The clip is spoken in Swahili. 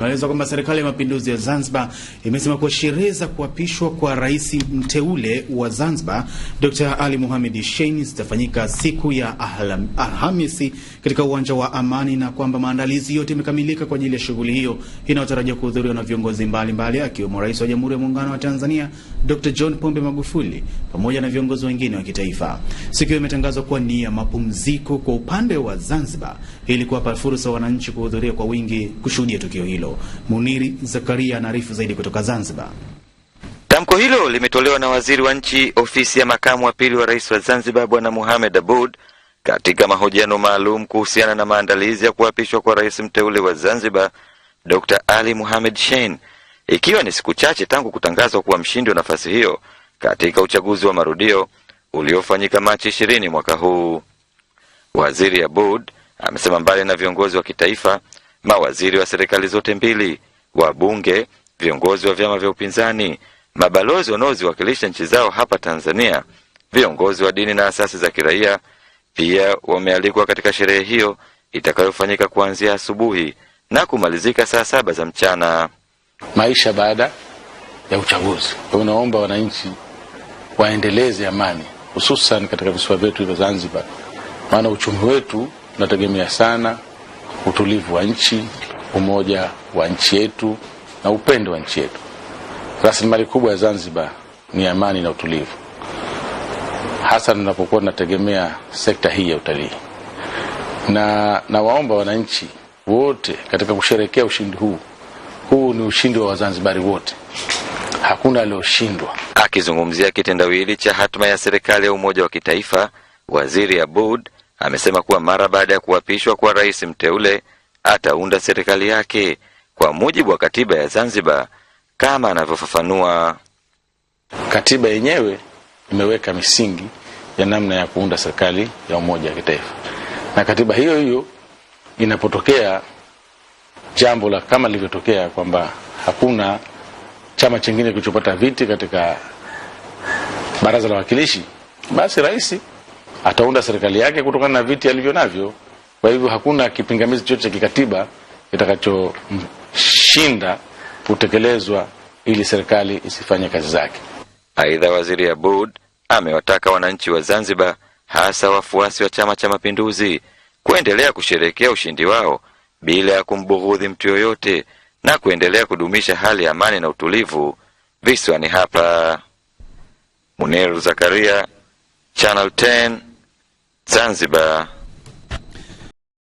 Naeleza kwamba serikali ya mapinduzi ya Zanzibar imesema kuwa sherehe za kuapishwa kwa rais mteule wa Zanzibar Dr. Ali Mohamed Shein zitafanyika siku ya Alhamisi katika uwanja wa Amani na kwamba maandalizi yote yamekamilika kwa ajili ya shughuli hiyo inayotarajiwa kuhudhuriwa na viongozi mbalimbali akiwemo Rais wa Jamhuri ya Muungano wa Tanzania Dr. John Pombe Magufuli pamoja na viongozi wengine wa kitaifa. Siku hiyo imetangazwa kuwa ni ya mapumziko kwa upande wa Zanzibar ili kuwapa fursa wananchi kuhudhuria kwa wingi kushuhudia tukio hilo hilo. Muniri Zakaria anaarifu zaidi kutoka Zanzibar. Tamko hilo limetolewa na waziri wa nchi ofisi ya makamu wa pili wa rais wa Zanzibar Bwana muhamed abud katika mahojiano maalum kuhusiana na maandalizi ya kuapishwa kwa rais mteule wa Zanzibar Dr. Ali muhamed Shein, ikiwa ni siku chache tangu kutangazwa kuwa mshindi wa nafasi hiyo katika uchaguzi wa marudio uliofanyika Machi ishirini mwaka huu. Waziri abud amesema mbali na viongozi wa kitaifa mawaziri wa serikali zote mbili, wabunge, viongozi wa vyama vya upinzani, mabalozi wanaoziwakilisha nchi zao hapa Tanzania, viongozi wa dini na asasi za kiraia pia wamealikwa katika sherehe hiyo itakayofanyika kuanzia asubuhi na kumalizika saa saba za mchana. Maisha baada ya uchaguzi. Unaomba wananchi waendeleze amani, hususan katika visiwa vyetu vya Zanzibar, maana uchumi wetu unategemea sana utulivu wa nchi, umoja wa nchi yetu na upendo wa nchi yetu. Rasilimali kubwa ya Zanzibar ni amani na utulivu, hasa tunapokuwa tunategemea sekta hii ya utalii, na nawaomba wananchi wote katika kusherekea ushindi huu. Huu ni ushindi wa Wazanzibari wote, hakuna aliyoshindwa. Akizungumzia kitendawili cha hatima ya serikali ya umoja wa kitaifa, Waziri Aboud amesema kuwa mara baada ya kuapishwa kwa rais mteule ataunda serikali yake kwa mujibu wa katiba ya Zanzibar kama anavyofafanua. Katiba yenyewe imeweka misingi ya namna ya kuunda serikali ya umoja wa kitaifa, na katiba hiyo hiyo inapotokea jambo la kama lilivyotokea kwamba hakuna chama chingine kilichopata viti katika baraza la wawakilishi, basi rais ataunda serikali yake kutokana na viti alivyo navyo. Kwa hivyo hakuna kipingamizi chochote cha kikatiba kitakachoshinda kutekelezwa ili serikali isifanye kazi zake. Aidha, waziri Abud amewataka wananchi wa Zanzibar, hasa wafuasi wa Chama cha Mapinduzi, kuendelea kusherehekea ushindi wao bila ya kumbughudhi mtu yoyote na kuendelea kudumisha hali ya amani na utulivu visiwani hapa. Zakaria, Channel 10 Zanzibar.